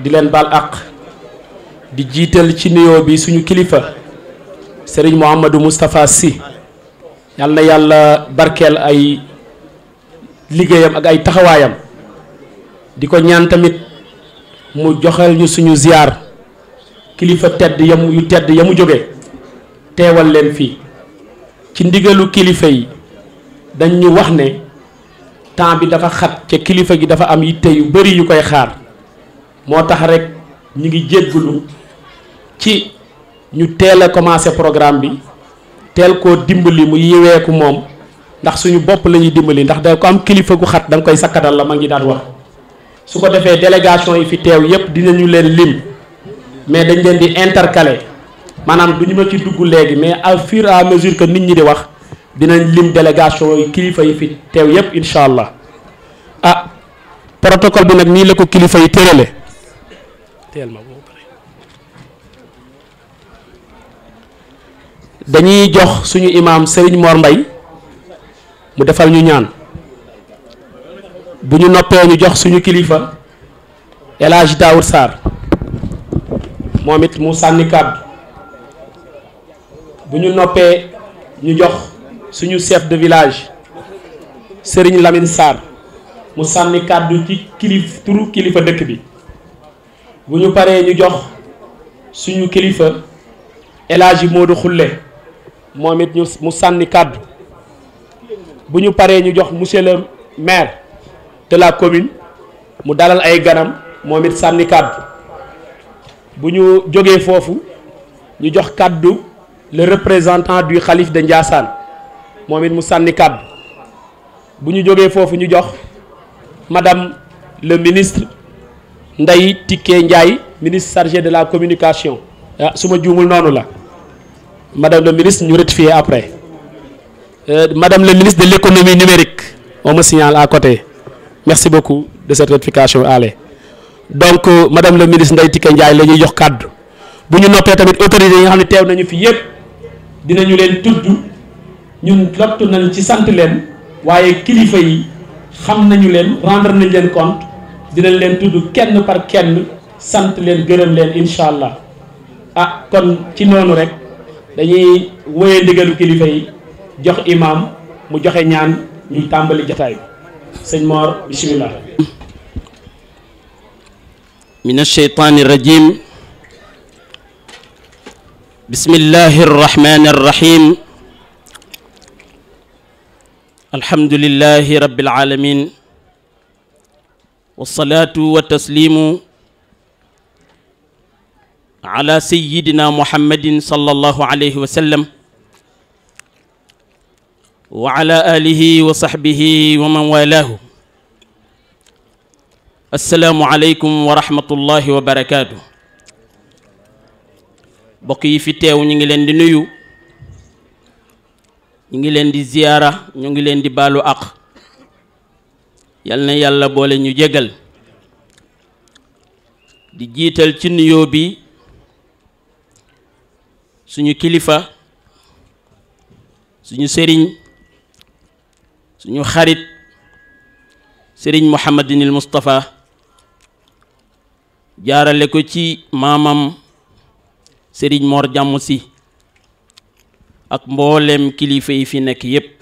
di leen baal àq di jiital ci nuyoo bi suñu kilifa sëriñ Mouhamadou Moustapha si yal na yàlla barkeel ay liggéeyam ak ay taxawaayam di ko ñaan tamit mu joxal ñu suñu ziyaar kilifa tedd yam yu tedd yamu jóge teewal leen fii ci ndigalu kilifa yi dañ ñu wax ne temps bi dafa xat ca kilifa gi dafa am yitte yu bari yu koy xaar moo tax rek ñu ngi jéggulu ci ñu teel a commencé programme bi teel koo dimbali mu yiweeku moom ndax suñu bopp la ñuy dimbali ndax da ko am kilifa gu xat da nga koy sakkatal la ma ngi daan wax su ko defee délégation yi fi teew yépp dinañu leen lim mais dañ leen di intercaler maanaam du ñu ma ci dugg léegi mais au fur et mesure que nit ñi di wax dinañ lim délégation yi kilifa yi fi teew yépp incha allah ah protocole bi nag nii la ko kilifa yi tërale teel ma dañuy jox suñu imaam Serigne Mor Mbay mu defal ñu ñaan bu ñu noppee ñu jox suñu kilifa El Hadj Daoud moom it mu sànni kàddu bu ñu noppee ñu jox suñu chef de village sëriñ lamin Sarr mu sànni kàddu ci kilifa dëkk bi bu ñu paree ñu jox suñu kilifa El moo Modou Khoule moom it mu sànni kàddu bu ñu paree ñu jox monsieur le maire de la commune mu dalal ay ganam moom it sànni kàddu bu ñu jógee foofu ñu jox kàddu le représentant du xalif de Ndiassane moom it mu sànni kàddu bu ñu jógee foofu ñu jox madame le ministre Ndeye Tické Ndiaye ministre chargé de la communication ah su ma juumul noonu la madame le ministre ñu rectifier après euh, madame la ministre de l' économie numérique on me signale à côté merci beaucoup de cette rectification allez donc euh, madame le ministre Ndeye Tické njaay la ñuy jox kàddu bu ñu noppee tamit autorités yi nga xam ne teew nañu fii yëpp dinañu leen tudd ñu lottu nañu ci sant leen waaye kilifa yi xam nañu leen rendre nañ leen compte. dina leen tudd kenn par kenn sant leen gërëm leen incha allah ah kon ci noonu rek dañuy wëyee ndigalu kilifa yi jox imaam mu joxe ñaan ñuy tàmbali jataay bi sëñ Mor bismillah من الشيطان الرجيم بسم الله الرحمن الرحيم الحمد لله wasalaatu wa tasliimu ala sayidina muhammadin sallallahu alayhi wa sallam wa ala alihi walaahu assalaamu aleykum wa rahmatullahi wa barakaatu yi fi ñu ngi leen di nuyu ñu ngi leen di ziyaara ñu ngi leen di baalu àq yal na yàlla boole ñu jégal di jiital ci nuyoo bi suñu kilifa suñu sëriñ suñu xarit sëriñ Muhammadinil Moustapha jaarale ko ci maamam sëriñ Mor Jàmm si ak mboolem kilifa yi fi nekk yépp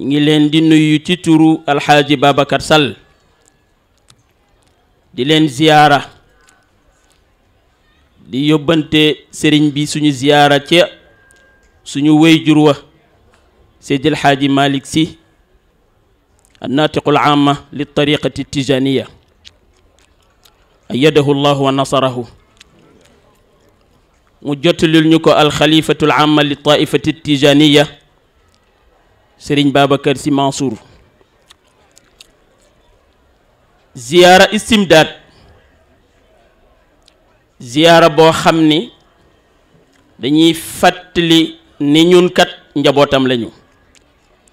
ñu ngi leen di nuyu ci turu alxaaji Babacar sal di leen ziyaara di yóbbante sëriñ bi suñu ziyaara ci suñu wéyjur wa seydi alxaaji si Sy annaatiqul aama li tariqati tijaniya ayyadahu llahu wa nasarahu mu jottalil ñu ko alxalifatul aama li taifati tijaniya sëriñ Babacar Sy Mansour ziyaara istimdaad ziyaara boo xam ni dañuy fàttali ni ñun kat njabootam lañu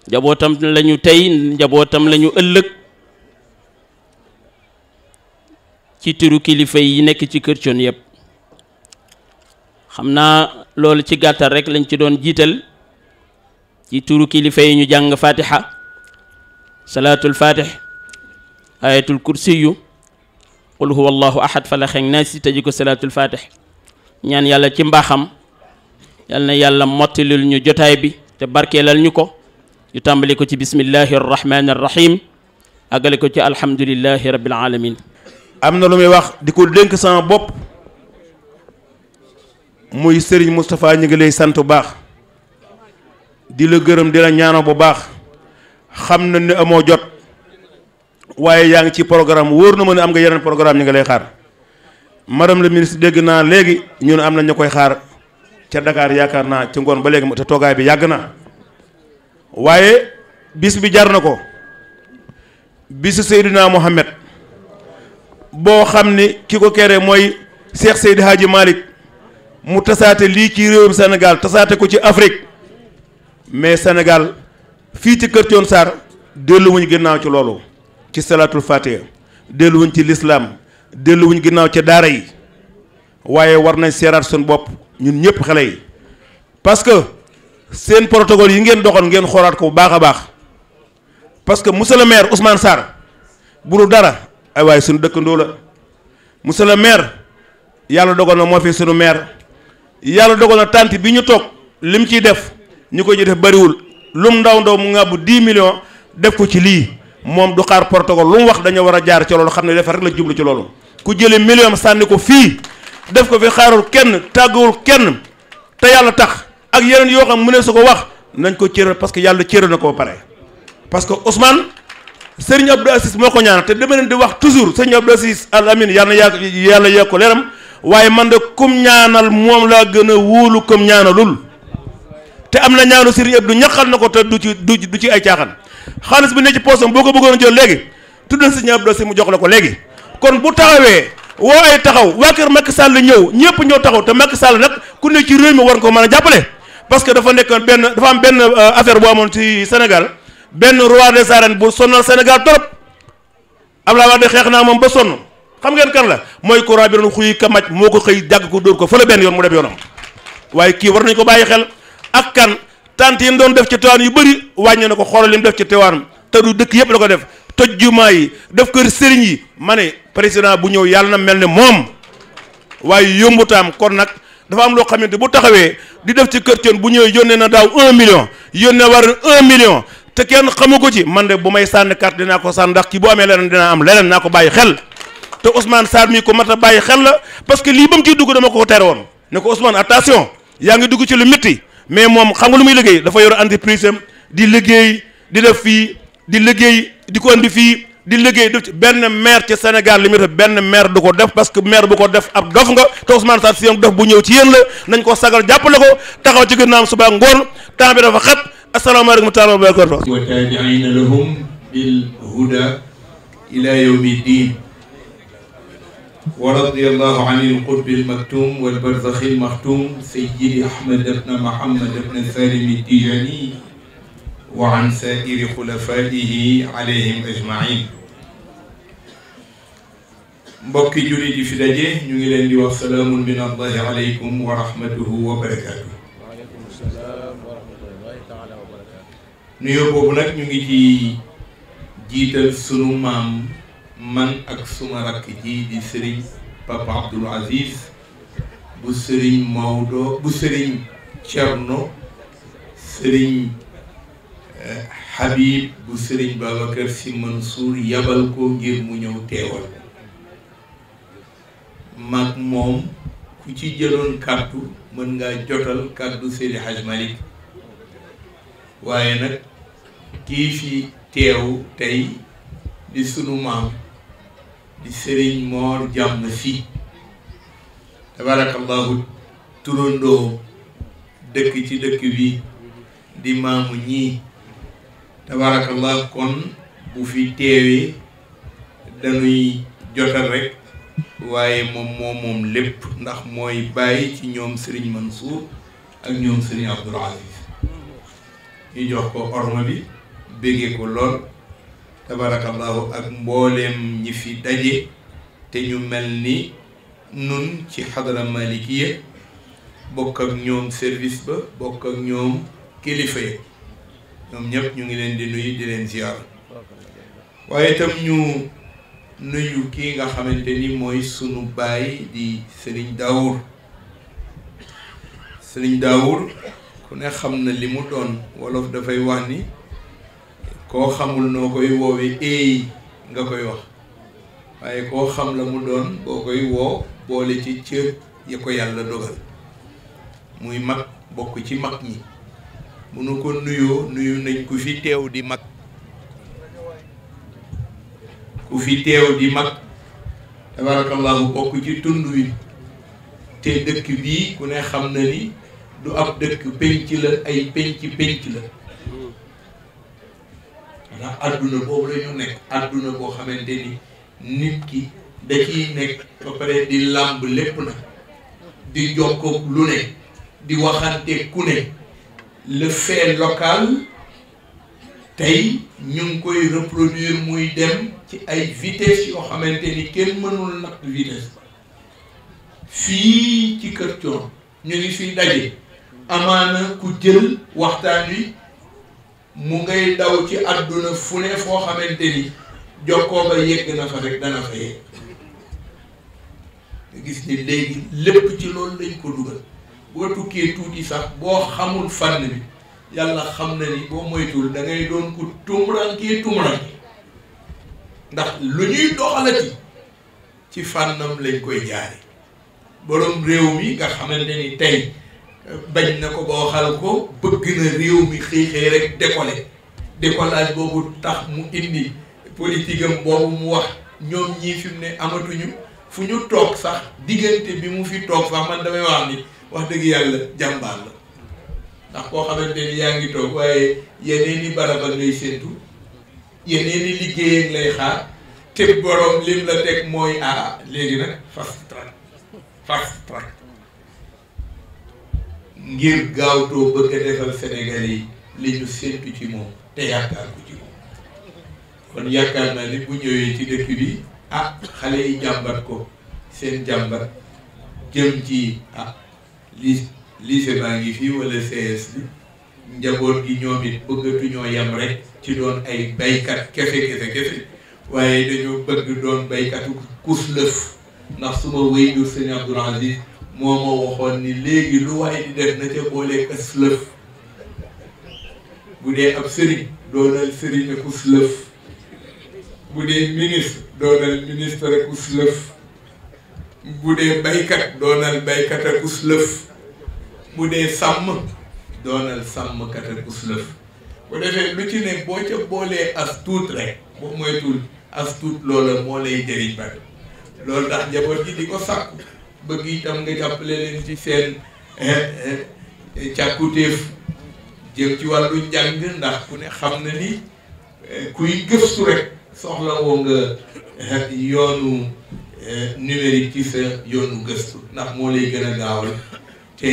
njabootam lañu tey njabootam lañu ëllëg ci turu kilifa yi nekk ci kër Thione yëpp xam naa loolu ci gàttal rekk lañ ci doon jiital ci turu kilifa yi ñu jàng fatiha salaatul fatih ayatul kursiyu qul huwa allahu ahad falaxeeg naas si tëji ko salaatul fatih ñaan yàlla ci mbaaxam yal na yàlla mottilil ñu jotaay bi te barkeelal ñu ko ñu tàmbali ko ci bismillahi arrahmani arrahim àggale ko ci alhamdulillahi rabbil alamin am na lu muy wax di ko dénk sama bopp muy Serigne Moustapha ñu ngi sant bu baax di la gërëm di la ñaanal bu baax xam na ni amoo jot waaye yaa ngi ci programme wóor na ma ne am nga yeneen programme ñu ngi lay xaar madame le ministre dégg naa léegi ñu ne am na ñu koy xaar ca Dakar yaakaar naa ci ngoon ba léegi moo te toogaay bi yàgg na waaye bis bi jar na ko bisu Seydina Mohamed boo xam ni ki ko kere mooy Cheikh Seydi Hadji Malick mu tasaate lii ci réewum senegal tasaate ko ci Afrique mais senegal fii ci kër Thione Sarr delluwuñ ginnaaw ci loolu ci salaatul fatiha delluwuñ ci lislaam delluwuñ ginnaaw ci daara yi waaye war nañ seeraat sunu bopp ñun ñëpp xale yi parce que seen protocole yi ngeen doxoon ngeen xoolaat ko bu baax a baax parce que monsieur le maire Ousmane Sarr bu dul dara ay waaye suñu dëkkandoo la monsieur le maire yàlla dogal na moo fi suñu maire yàlla dogal na tànt bi ñu toog lim ciy def ñu ko ci def bariwul lum ndaw ndaw mu ngàbbu 10 millions def ko ci lii moom du xaar protocole lu mu wax dañoo war a jaar ci loolu xam ne dafa rek la jublu ci loolu ku jëlee million sànni ko fii def ko fi xaarul kenn tàggawul kenn te yàlla tax ak yeneen yoo xam mu ne su ko wax nañ ko cëral parce que yàlla cëral na ko ba pare parce que Ousmane Serigne Abdou Aziz moo ko ñaan te dama leen di wax toujours Serigne Abdou Aziz Al Amin yàlla yàlla yàlla ko leeram waaye man de kum ñaanal moom laa gën a wóolu kum ñaanalul te am na ñaanu Serigne Abdou ñaqal na ko te du ci du ci ay caaxaan xaalis bi ne ci poosam boo ko bëggoon jël léegi tuddal Serigne Abdou si mu jox la ko léegi kon bu taxawee woo ay taxaw waa kër Macky Sall ñëw ñëpp ñëw taxaw te Macky Sall nag ku ne ci réew mi war ko man a jàppale parce que dafa nekkoon benn dafa am benn euh, affaire boo amoon ci Sénégal benn roi des arènes bu sonal Sénégal trop Abdoulaye Wade xeex naa moom ba sonn xam ngeen kan la mooy courant bi doon xuy moo ko xëy jàgg ko dóor ko fële benn yoon mu dem yoonam waaye kii war nañ ko bàyyi xel ak kan tant yi mu doon def ci Tiwaawan yu bëri wàññi na ko xoolal li mu def ci Tiwaawan te du dëkk yëpp la ko def toj jumaa yi def kër sëriñ yi ma ne président bu ñëw yàlla na mel ne moom waaye yombutaam kon nag dafa am loo xamante bu taxawee di def ci kër Thione bu ñëwee yónnee na daaw un million yónnee war un million te kenn xamu ko ci man de bu may sànni carte dinaa ko sànn ndax ci boo amee leneen dinaa am leneen naa ko bàyyi xel te Ousmane Sarr mii ko mat a bàyyi xel la parce que lii ba mu dugg dama ko tere woon ne ko mais moom xam nga lu muy liggéey dafa yor entreprise am di liggéey di def fii di liggéey di ko andi fii di liggéey def benn maire ci Sénégal li muy def benn maire du ko def parce que maire bu ko def ab dof nga te Ousmane Sarr Sy dof bu ñëw ci yéen la nañ ko sagal jàppale ko taxaw ci gën naam suba ngoon temps bi dafa xat asalaamaaleykum taala wa barakaatu wa taabiina lahum bil huda ila yawmi diin ورضي الله عن القطب المكتوم والبرزخ المختوم سيدي أحمد بن محمد بن سالم التيجاني وعن سائر خلفائه عليهم أجمعين mbokki jullit yi fi daje ñu ngi leen di wax salaamun min allahi aleykum wa rahmatuhu wa barakaatu nuyoo boobu nag ñu ngi ci jiital sunu maam man ak suma rakk ji di sëriñ Papa Abdoul Aziz bu sëriñ Maodo bu sëriñ Cerno sëriñ eh, Habib bu sëriñ Babacar Sy Mansour yabal ko ngir mu ñëw teewal mag moom ku ci jëloon kàddu mën ngaa jotal kàddu Seydi Hadj Malick waaye nag kii fi teew tey di sunu maam di sëriñ moor jàmm si tabarakallahu turandoo dëkk ci dëkk bi di maamu ñii tabarakallah kon bu fi teewee dañuy jotal rek waaye moom moo moom lépp ndax mooy bàyyi ci ñoom sëriñ Mansour ak ñoom sëriñ Abdoul Aziz ñu jox ko orma bi béggee ko lool tabarakallahu ak mbooleem ñi fi daje te ñu mel ni nun ci xadara malikiya bokk ak ñoom service ba bokk ak ñoom kilifa yi ñoom ñëpp ñu ngi leen di nuyu di leen ziar waaye itam ñu nuyu kii nga xamante ni mooy sunu baay di sëriñ Daawur sëriñ Daawur ku ne xam na li mu doon wolof dafay wax ni koo xamul noo koy woowee eey nga koy wax waaye koo xam la mu doon boo koy woo boole ci cër ya ko yàlla dogal muy mag bokk ci mag ñi bu nu ko nuyoo nuyu nañ ku fi teew di mag ku fi teew di mag tabarakallahu bokk ci tund wi te dëkk bii ku ne xam na ni du ab dëkk penc la ay penc penc la ndax àdduna boobu la nekk adduna boo xamante ni nit ki da nekk ba di làmb lépp na di jokkoog lu ne di waxante ku ne local tey ñu ngi koy reproduire muy dem ci ay vitesse yoo xamante ni kenn mënul natt vitesse fii ci kër coon ñu ngi fiy daje amaana ku jël waxtaan wi mu ngay daw ci àdduna fu ne foo xamante ni jokkoo ba yegg na fa rek dana fa yegg nga gis ni léegi lépp ci loolu lañ ko dugal boo tukkee tuuti sax boo xamul fànn bi yàlla xam na ni boo moytuwul dangay ngay doon ku tumurankee tumurankee ndax lu ñuy doxalati ci fànnam lañ koy jaare boroom réew mi nga xamante ni tey bañ na ko ba waxal ko bëgg na réew mi xëy-xëy rek décoller décollage boobu tax mu indi politique am boobu mu wax ñoom ñii fi ne amatuñu fu ñu toog sax diggante bi mu fi toog sax man damay wax ni wax dëgg yàlla jàmbaar la ndax koo xamante ni yaa ngi toog waaye yeneen i baraba ngay séntu yeneen i liggéey ak lay xaar te borom lim la teg mooy ah léegi nag fast track ngir gaawtoo bëgg a defal Sénégal yi li ñu séntu ci moom te yaakaar ko ci moom kon yaakaar naa ni bu ñëwee ci dëkk bi ah xale yi jàmbat ko seen jàmbat jëm ci ah li lycée baa ngi fii wala CS bi njaboot gi ñoom it bëggatuñoo yem rek ci doon ay baykat kese kese kese waaye dañoo bëgg doon baykatu kuslëf ndax suma wéy jur sëñ Abdoul moo ma waxoon ni léegi lu waay di def na ca booleeg as lëf bu dee ab sëriñ doonal sëriñ ak us lëf bu dee ministre doonal ministre ak us lëf bu dee baykat doonal baykat ak us lëf bu dee sàmm doonal sàmmkat ak us lëf bu defee lu ci ne boo ca boolee as tout rek boo moytul as tuut loola moo lay jëriñ ba loolu tax njaboot gi di ko sàkku bëgg itam nga jàppale leen ci seen càkkutéef jëm ci wàllu njàng ndax ku ne xam na ni eh, kuy gëstu rek soxla woo nga eh, yoonu eh, numérique ci sa yoonu gëstu ndax moo lay gën a gaawal te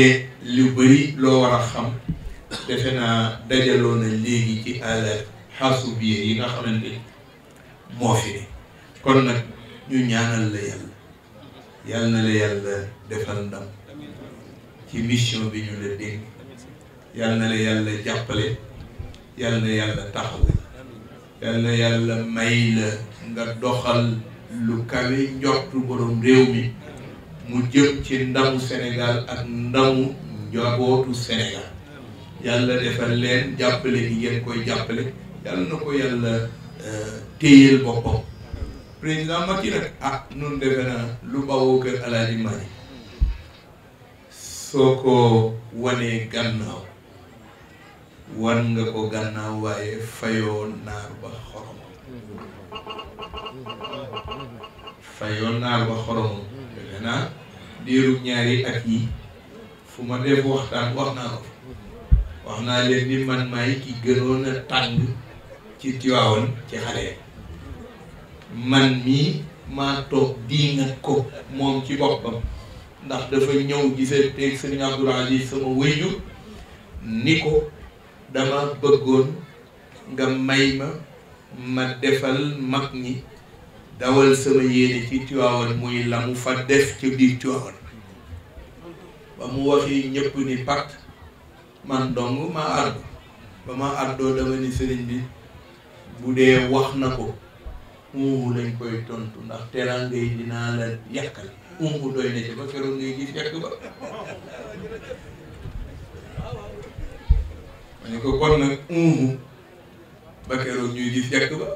lu bëri loo war a xam defe naa dajaloo na léegi ci àll xaasu biir yi nga xamante moo fi kon nag ñu ñaanal la yàlla yàlla na la yàlla defal ndam ci mission bi ñu la dénk yàlla na la yàlla jàppale yàlla yàlla taxawu yàlla yàlla may la nga doxal lu kawe njortu borom réew mi mu jëm ci ndamu senegal ak ndamu njabootu Sénégal yàlla defal leen jàppale gi ngeen koy jàppale yàlla na ko yàlla euh, téyel boppam président Macky nag ah nun defe naa lu bawoo kër Alaaji Mari soo ko wanee gannaaw wan nga ko gannaaw waaye fayoo naar ba xoromam fayoo naar ba xoromam defe naa diiru ñaari at yi fu ma def waxtaan wax naa ko wax naa leen ni man maay ki gënoon tàng ci Tiwaawan ci xale man mii maa toog diingat ko moom ci boppam ndax dafa ñëw gisee teg sëriñ Abdoul Aziz sama wéyjur ni ko dama bëggoon nga may ma ma defal mag ñi dawal sama yéene ci Tiwaawan muy la mu fa def ci biir Tiwaawan ba mu waxi ñëpp ni pat man dong ma àddu ba ma àddoo dama ni sëriñ bi bu dee wax na ko ungu lañ koy tontu ndax teraanga yi dinaa la yàqal ungu doy na ci ba keroog ngay gis yàq ba ko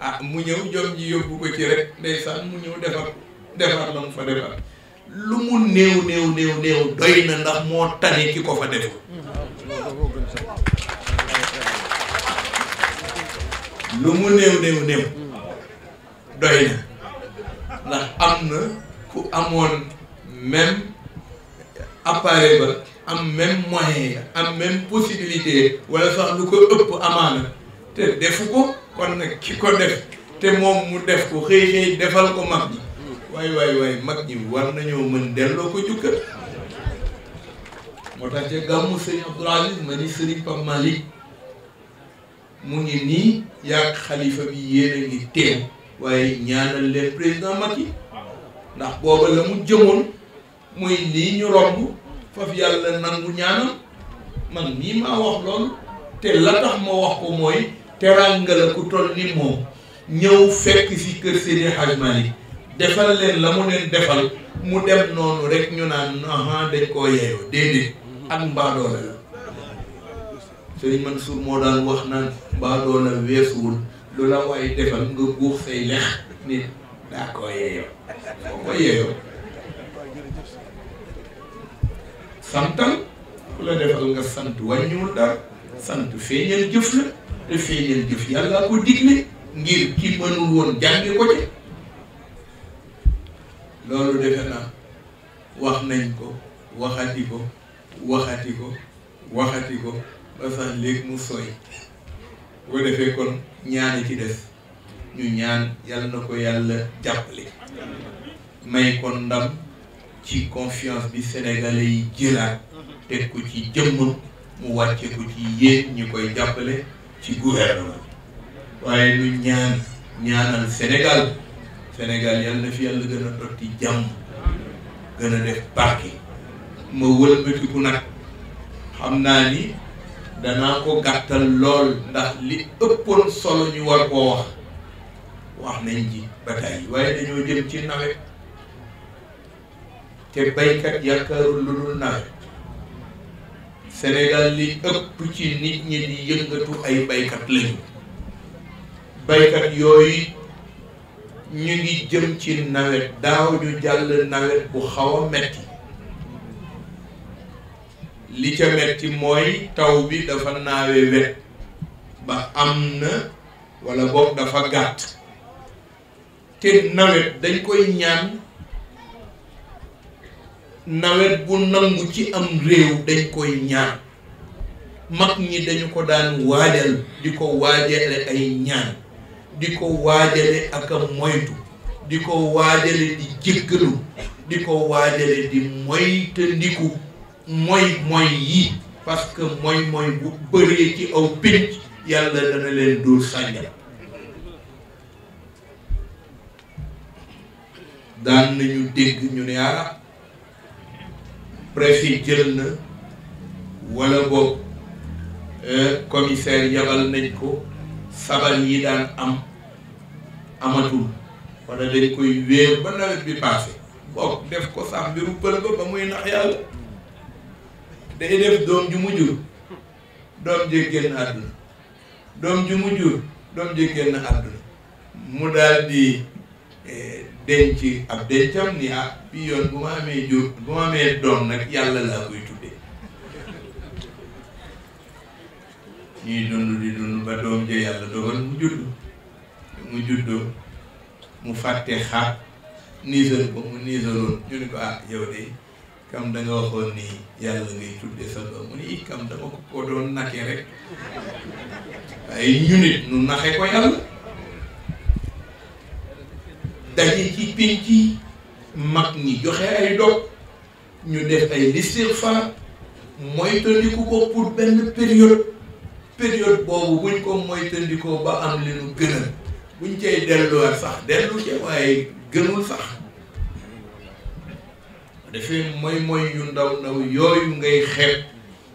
ah, mu ñëw jom ji yóbbu ko ci rek ndeysaan mu ñëw defar defar la mu fa defar lu mu néew néew néew doy na ndax moo tane ki ko fa def lu mu néew néew néew doy na ndax am na ku amoon même appareil ba am même moyen am même possibilité walla sax lu ko ëpp amaana te defu ko kon nag ki ko def te moom mu def ko xëy xëy defal ko mag ñi waay waay waay mag ñi war nañoo mën delloo ko jukkal moo tax ca gàmmu sëriñ Abdoul ma ni sëriñ Pape Malick mu ngi nii yàgg xalifa bi yéen ngi teew waaye ñaanal leen président Macky ndax booba la mu jëmoon muy nii ñu romb faf yàlla nangu ñaanam man mii maa wax loolu te la tax ma wax ko mooy teranga la ku toll ni moom ñëw fekk si kër Seydi Hadj Malick defal leen la mu leen defal mu dem noonu rek ñu naan aha dañ koo yeeyoo déedéet ak mbaadoole la Sëriñ Mansour moo daan wax naan mbaadoole weesuwul lu la waay defal nga buux say lex nit daa ko yeeyoo boo ko la defal nga sant wàññiwul dara sant feeñal jëf la te feeñal jëf yàlla ko digle ngir ki mënul woon jàngi ko ci loolu defe naa wax nañ ko waxati ko waxati ko waxati ko ba sax léegi mu sooy bu defee kon ñaani ci def ñu ñaan yàlla na ko yàlla jàppale may ko ndam ci confiance bi sénégalais yi jëlaat teg ko ci jëmm mu wàcce ko ci yéen ñi koy jàppale ci gouvernement waaye ñu ñaan ñaanal Sénégal Sénégal yàlla na fi yàlla gën a toog ci jàmm gën a def barke ma wëlbatiku nag xam naa ni danaa ko gàttal lool ndax li ëppoon solo ñu war koo wax wax nañ ji ba tey waaye dañoo jëm ci nawet te baykat yaakaarul lu dul nawet Sénégal li ëpp ci nit ñi di yëngatu ay baykat lañu baykat yooyu ñu ngi jëm ci nawet daaw ñu jàll nawet bu xaw a metti li ca metti mooy taw bi dafa naawe wet ba am na walla boog dafa gàtt te nawet dañ koy ñaan nawet bu nangu ci am réew dañ koy ñaan mag ñi dañu ko daan waajal di ko waajale ay ñaan di ko waajale ak a moytu di ko waajale di jéggalu di ko waajale di moytandiku mooy mooy yi parce que mooy mooy bu bëree ci aw pénc yàlla dana leen dóor sànjam daan nañu dégg ñu ne ah préfet jël na walla boog euh, commissaire yabal nañ ko sabar yi daan am amatul wala dañ koy wéer ba nawet bi passé boog def ko sax mbiru pël ba ba muy nax yàlla day def doom ju mu jur doom jee génn àdduna doom ju mu jur doom jee génn àdduna eh, ah, doom nag yàlla laa koy tuddee ñuy dund di dund ba doom jee yàlla mu judd mu juddoo mu fàtte xaat niisal ko mu niisaloon ñu ni ko ah yow de kam da nga waxoon ni yàlla ngay tudde sa doom mu ni kam dama ko ko doon nake rek waaye ñu nu naxe ko yàlla daje ci pénc yi mag ñi joxe ay dog ñu def ay listigfaar moytandiku ko pour benn période période boobu buñ ko moytandikoo ba am li gënal buñ cay delluwaat sax dellu ca waaye gënul sax defee mooy mooy yu ndaw ndaw yooyu ngay xeeb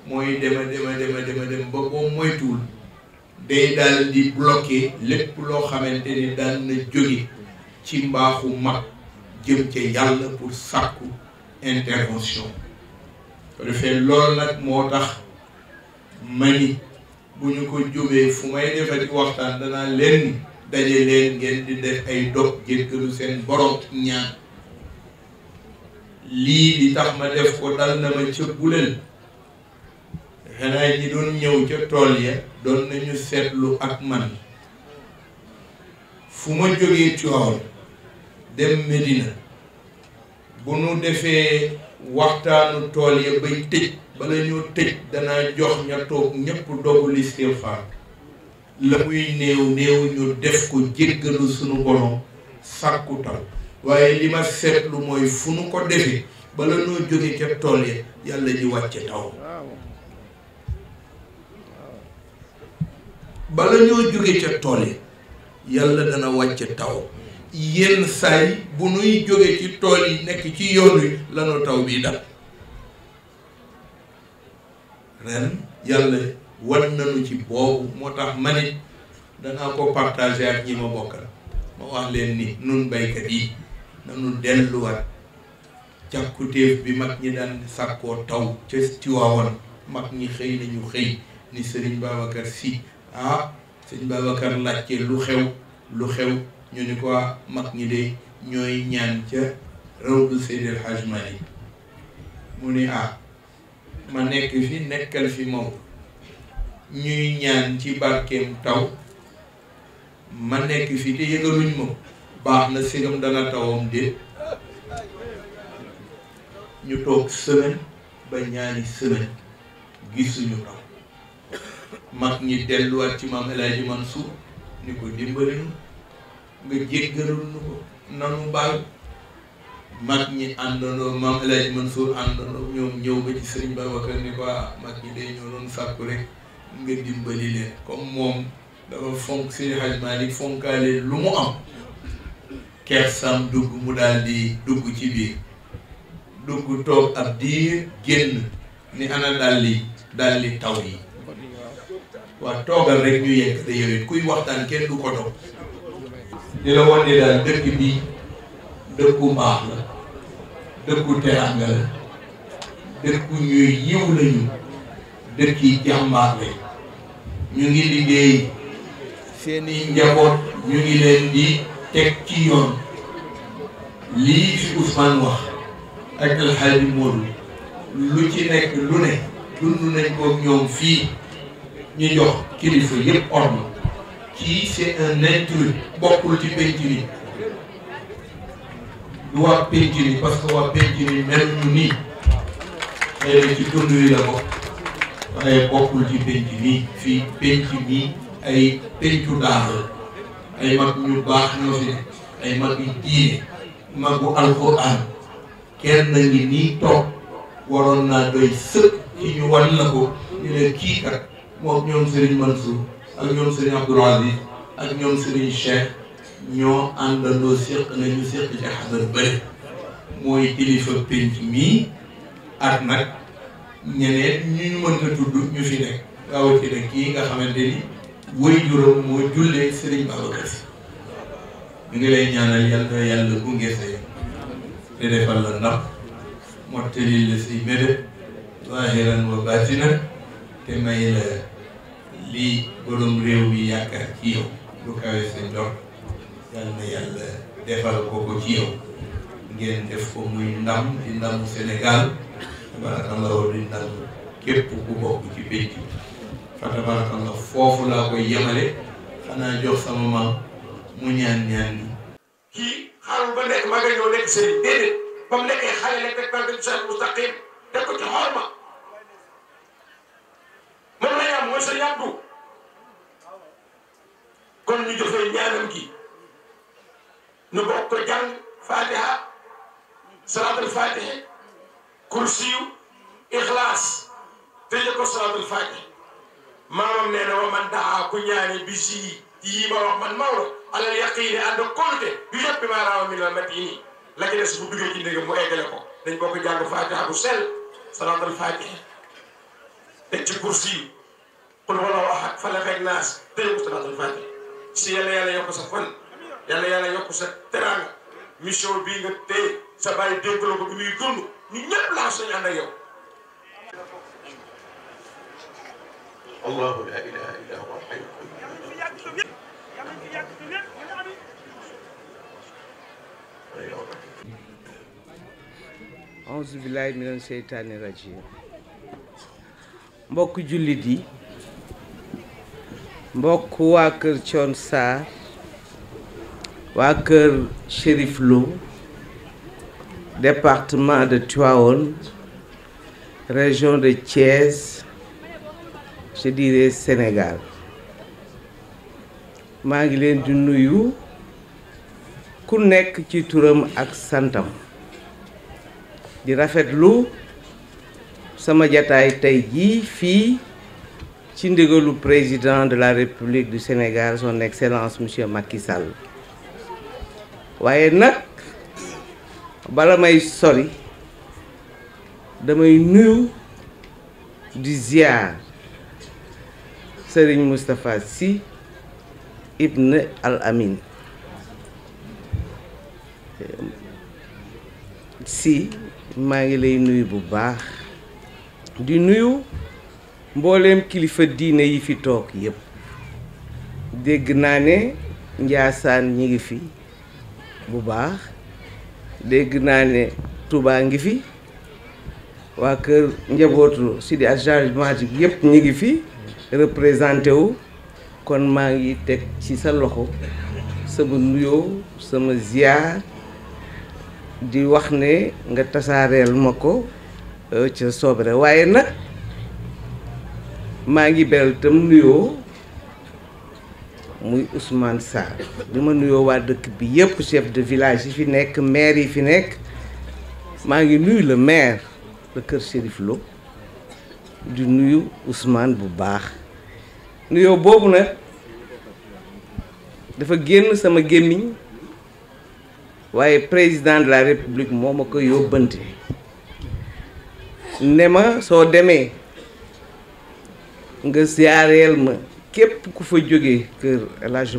mooy dema dema dema dema dem ba boo moytuwul day daal di bloqué lépp loo xamante ni daan na jóge ci mbaaxu mag jëm ca yàlla pour sàkku intervention ko defee loolu nag moo tax ma ni bu ñu ko jógee fu may defati waxtaan danaa leen ni daje leen ngeen di def ay dog jéggalu seen borom ñaan lii li tax ma def ko dal na ma ca buleel xanaa ñi doon ñëw ca tool ya doon nañu seetlu ak man fu ma jógee Tiwaawan dem Medina bu nu defee waxtaanu tool ya bay tëj bala ñoo tëj danaa jox ña toog ñépp dogu listixfaar la muy néew néew def ko jéggalu sunu borom sàkku taw waaye li ma seetlu mooy fu nu ko defee bala noo jóge ca tool ya yàlla ji wàcce taw bala ñoo ca tool ya yàlla dana wàcce taw yenn saay bu nuy jóge ci tool yi nekk ci yoon wi lanu taw bi dal ren yàlla wan nañu ci boobu moo tax ma ne danaa ko partager ak ñi ma bokkal ma wax leen ni nun baykat yi nanu delluwaat càkkutéef bi mag ñi daan sàkkoo taw ca Tiwaawan mag ñi xëy nañu xëy ni sëriñ Babacar si ah sëriñ Babacar laajte lu xew lu xew ñu ni ko ah, mag ñi de ñooy ñaan ca rawdu Seydil Hadj Malick mu ni ah ma nekk fi nekkal fi moom ñuy ñaan ci barkeem taw ma nekk fi te yëgaluñ moom baax na siram dana tawam déet ñu toog semaine ba ñaari semaine gisuñu taw mag ñi delluwaat ci maam El Hadji Mansour ni ko dimbali nu nga jéggalul nu ko nanu baal mag ñi àndandoo maam El Hadji Mansour àndandoo ñoom ñëw ba ci sëriñ Babacar ni ko ah, mag ñi day ñoo doon sàkku rek nga dimbali leen comme moom dafa fonk Seydi Hadji Malick fonkaale lu mu am kersam dugg mu daal dugg ci biir dugg toog ab diir génn ni ana dalli dalli taw yi waa toogal rek ñu yegg te kuy waxtaan kenn du ko dog di la wan ne daal dëkk bi dëkku mbaax la dëkku teranga la dëkku ñuy yiw lañu dëkk yi jàmbaar ñu ngi liggéey seeni njaboot ñu ngi leen di teg ci yoon lii fi Ousmane wax ak alxaaji Modou lu ci nekk lu ne dund nañ koog ñoom fii ñu jox kilifa yëpp orma kii c'est un intrus bokkul ci penc ni du waa penc ni parce que waa ni mel ñu nii léegi ci dund yi la bokk waaye bokkul ci penc nii fii penc nii ay pencu daara ay mag ñu baax ñoo fi ne ay mag yu diine magu alquran kenn na ngi nii toog waroon naa doy sëkk ci ñu wan ko ñu ne kii kat moom ñoom Serigne Mansour ak ñoom Serigne Abdoul Aziz ak ñoom Serigne Cheikh ñoo àndandoo séq bëri mooy kilifa pénc mii ak nag ñeneen ñu ñu mën a tudd ñu fi nekk gaaw ci ne kii nga xamante ni woy juróom moo jullee Serigne Babacar Sy mi ngi lay ñaanal yàlla yàlla gunge sa yoon te defal la ndax mottali la si mébét waahiran wa baatinan te may la lii borom réew mi yaakaar ci yow lu kawe sa njort yal na yàlla defal ko ko ci yow ngeen def ko muy ndam di ndamu Sénégal tabarakallahu di ndam képp ku bokk ci pénc fa tabarakallah foofu laa koy yemale xanaa jox sama maam mu ñaan ñaan ni kii ba nekk maa nga ñëw nekk sëriñ déedéet ba mu nekkee xale la nekk maa nga sal mustaqim def ko ci xorma moom la yam mooy sa yàddu kon ñu joxee ñaanam gi nu bokk ko jàng fatiha salaatul fatiha kursiyu ixlaas tëje ko salaatul fatiha maamam nee na wa daa ku ñaane bi si yii ma wax alal yaqiini ànd compté du yëpp bi maa raawa min al matini la ci des bu duggee ci ndégam mu eggale ko dañ bokk jàng fatiha bu sa salaatul fatiha teg ci kursi qul walaw ahad falaq ak naas tëjee ko salaatul fatiha si yàlla yàlla yokk sa fan yàlla yàlla yokk sa teraanga mission bii nga téye sa bàyyi dégg la ko bi muy dund ñu ñëpp laa soñ ànd allahu la ilaha mbokk jullit yi mbokk waa kër Thione Sarr waa kër Chérif Lo département de Tivaouane région de Thiès je dirais Sénégal maa ngi leen di nuyu ku nekk ci turam ak santam di rafetlu sama jataay tey jii fii ci ndigalu président de la République du Sénégal son excellence monsieur Macky waaye nag bala may sori damay nuyu di ziar sëriñ Moustapha si ibn al Amin si maa ngi lay nuyu bu baax di nuyu mbooleem kilifa diine yi fi toog yépp dégg naa ne njaasaan ñi ngi fi bu baax dégg naa ne tubaa ngi fi waa kër njabootu si di agent magique yépp ñi ngi fi représenté wu kon maa ngi teg ci sa loxo sama nuyoo sama ziar di wax ne nga tasaareel ma ko euh, ca sobre waaye nag maa ngi beral tam nuyoo muy Ousmane Sarr bi ma nuyoo waa dëkk bi yépp chef de village yi fi nekk maire yi fi nekk maa ngi nuyu le maire de Kër Chérif Lo di nuyu Ousmane bu baax nuyoo boobu na dafa génn sama gémmiñ waaye président de la république moo ma ko yóbbante ne ma soo demee nga siyaareel ma képp ku fa jóge kër El Hadj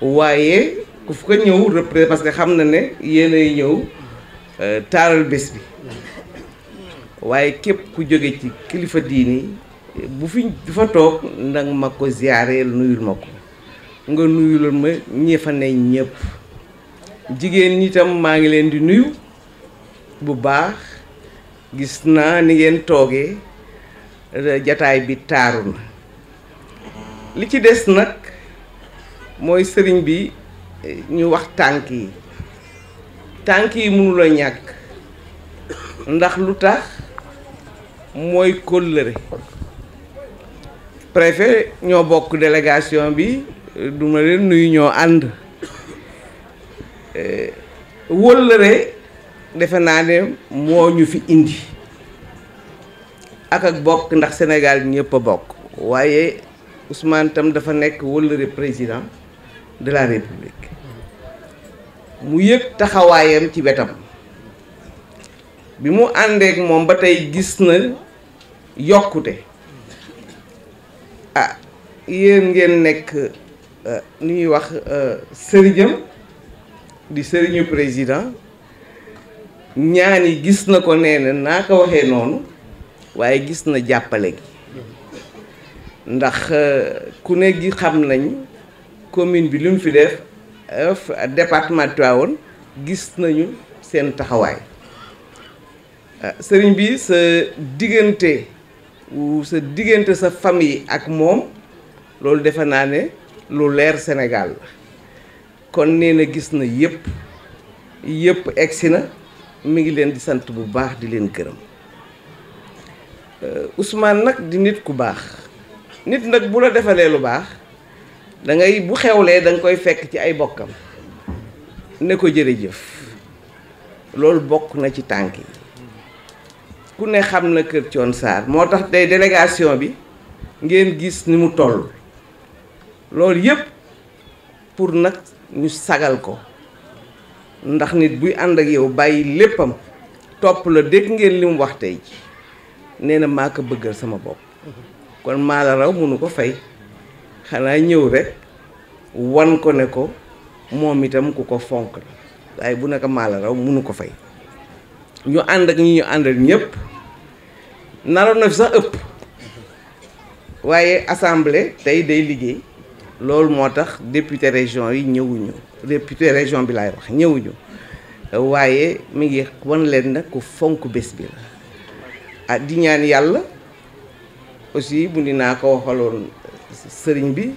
waaye ku fa ñëw repré parce que xam na ne yéenay ñëw euh, taaral bés bi waaye képp ku jóge ci kilifa diini bu fi fa toog nag ma ko ziareel nuyul ma ko nga nuyul ma ñi fa ñëpp jigéen ñi tam maa ngi leen di nuyu bu baax gis naa ni ngeen toogee jataay bi taaru na li ci des nag mooy sëriñ bi ñu wax tànk yi tànk yi mënula ñàkk ndax lu tax mooy kóllëre préfet ñoo bokk délégation bi duma ma leen nuyu ñoo ànd eh, wóllëre defe naa ne moo ñu fi indi ak ak bokk ndax Sénégal ñëpp a bokk waaye Ousmane tam dafa nekk wóllëre président de la République mu yëg taxawaayam ci wetam bi mu àndeek moom ba tey gis na yokkute yéen ngeen nekk euh, nu ñuy wax euh, sëriñam di sëriñu président ñaan yi gis na ko nee na naa ko waxee noonu waaye gis na jàppale gi ndax euh, ku ne gi xam nañ commune bi lu mu fi def département Tivaouane gis nañu seen taxawaay sëriñ bi sa diggante sa diggante sa famille ak moom loolu defe naa ne lu leer Sénégal la kon nee na gis na yëpp yëpp egsi na mu ngi leen di sant bu baax di leen gërëm euh, Ousmane nag di nit ku baax nit nag bu la defalee lu baax da ngay bu xewlee da koy fekk ci ay bokkam ne ko jërëjëf loolu bokk na ci tànk yi ku ne xam na kër Thione Sarr moo tax tey délégation bi ngeen gis ni mu toll loolu yëpp pour nag ñu sagal ko ndax nit buy ànd ak yow bàyyi léppam topp la dékk ngeen li mu wax tey ji nee na maa ko bëggal sama bopp kon maa raw mënu ko fay xanaa ñëw rek wan ko ne ko moom itam ku ko fonk la waaye bu naka maa la raw mënu ko fay ñu ànd ak ñi ñu àndal ñëpp naroon na fi sax ëpp waaye assemblée tey day liggéey loolu moo tax député région yi ñëwuñu député région bi laay wax ñëwuñu waaye mi ngi wan leen nag ku fonk bés bi la ah di ñaan yàlla aussi bu di naa ko waxaloon sëriñ bi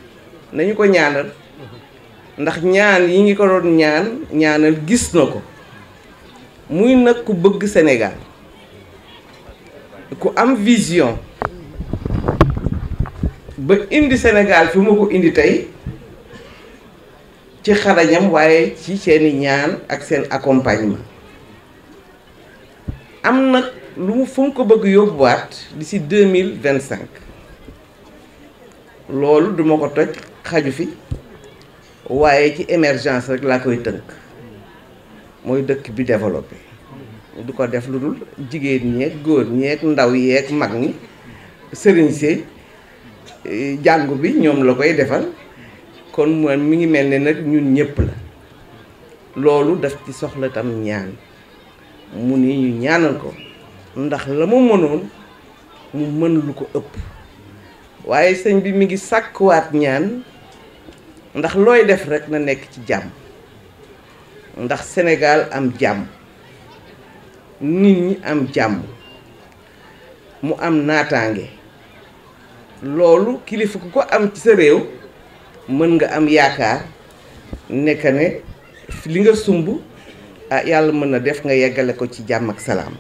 nañu ko ñaanal ndax ñaan yi ngi ko doon ñaan ñaanal gis na ko muy nag ku bëgg Sénégal ku am vision ba indi Sénégal fi mu ko indi tey ci xarañam waaye ci seeni ñaan ak seen accompagnement am na lu mu fu mu ko bëgg yóbbuwaat d'ici deux mille vingt cinq loolu duma ko toj xaju fi waaye ci émergence rek laa koy tënk mooy dëkk bi développé du ko def lu dul jigéen ñeeg góor ñeeg ndaw yeeg mag ñi sëriñ si jàngu bi ñoom la koy defal kon man mi ngi mel ne nag ñun ñëpp la loolu daf ci soxla tam ñaan mu ni ñu ñaanal ko ndax la mu mënoon mu mën lu ko ëpp waaye sëñ bi mi ngi sàkkuwaat ñaan ndax looy def rekk na nekk ci jàmm ndax Sénégal am jàmm nit ñi am jàmm mu am naataange loolu kilifa ku ko am ci sa réew mën nga am yaakaar nekk ne li nga sumb ah yàlla mën na def nga yeggale ko ci jàmm ak salaam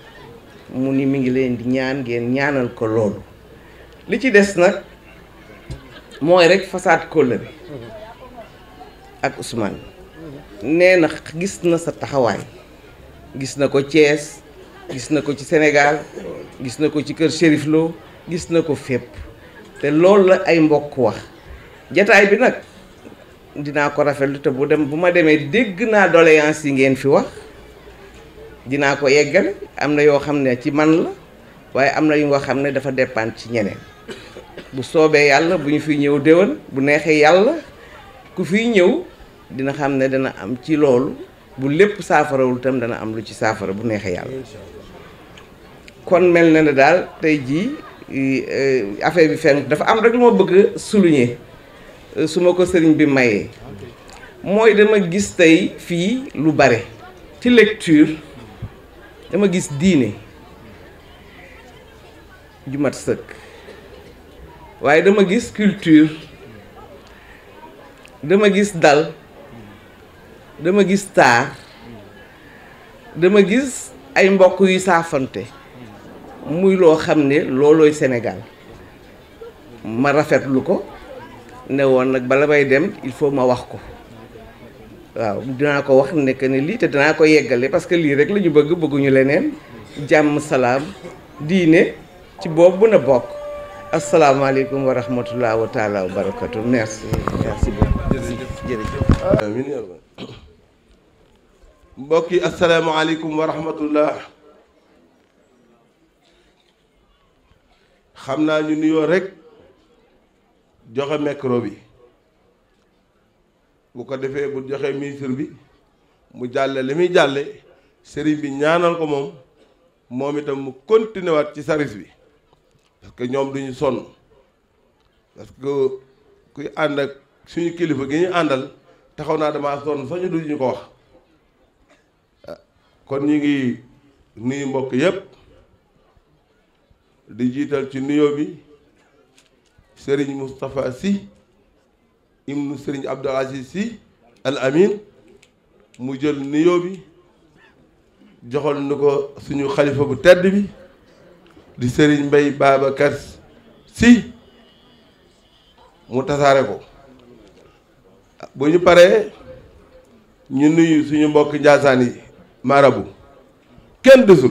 mu ni mu ngi leen di ñaan ngeen ñaanal ko loolu li ci des nag mooy rek façade kóllëre ak Ousmane nee na gis na sa taxawaay gis na ko Thiès gis na ko ci senegal gis na ko ci kër Chérif gis na ko fepp te loolu la ay mbokk wax jataay bi nag dinaa ko rafetlu te bu dem bu ma demee dégg naa doléance yi ngeen fi wax dinaa ko yeggale am na yoo xam ne ci man la waaye am na yu nga xam ne dafa dépendre ci ñeneen bu soobee yàlla bu ñu fi ñëw déwén bu neexee yàlla ku fiy ñëw dina xam ne dana am ci loolu bu lépp saafarawul itam dana am lu ci saafara bu neexee yàlla kon mel na ne daal tey jii Eh, affaire bi fenn dafa am rek lu ma bëgg a souligner eh, su ma ko sëriñ bi mayee mooy dama gis tey fii lu bare ci lecture dama gis diine ju mat waaye dama gis culture dama gis dal dama gis taar dama gis ay mbokk yu saafante muy loo xam ne loolooy Sénégal ma rafetlu ko ne woon nag bala bay dem il faut ma wax ko waaw dinaa ko wax ne que ne lii te dinaa ko yeggale parce que lii rek lañu bëgg bëgguñu leneen jàmm salaam diine ci boobu mën a bokk asalaamaaleykum wa rahmatulah yi asalaamaaleykum wa xam naa ñu nuyoo rek joxe micro bi bu ko defee bu joxe ministre bi mu jàlle li muy jàlle sëriñ bi ñaanal ko moom moom itam mu continué ci service bi parce que ñoom duñu sonn parce que kuy ànd ak suñu kilifa gi ñuy àndal taxaw naa damaa sonn du ñu ko wax kon ñu ngi nuyu mbokk yépp di jiital ci nuyoo bi sëriñ Moustapha Sy ibnu sëriñ Abdou Aziz Sy Al Amin mu jël nuyoo bi joxal nu ko suñu xalifa bu tedd bi di Serigne Mbaye Babacar si mu tasaare ko bu ñu paree ñu nuyu suñu mbokk njaasaan yi marabu kenn desul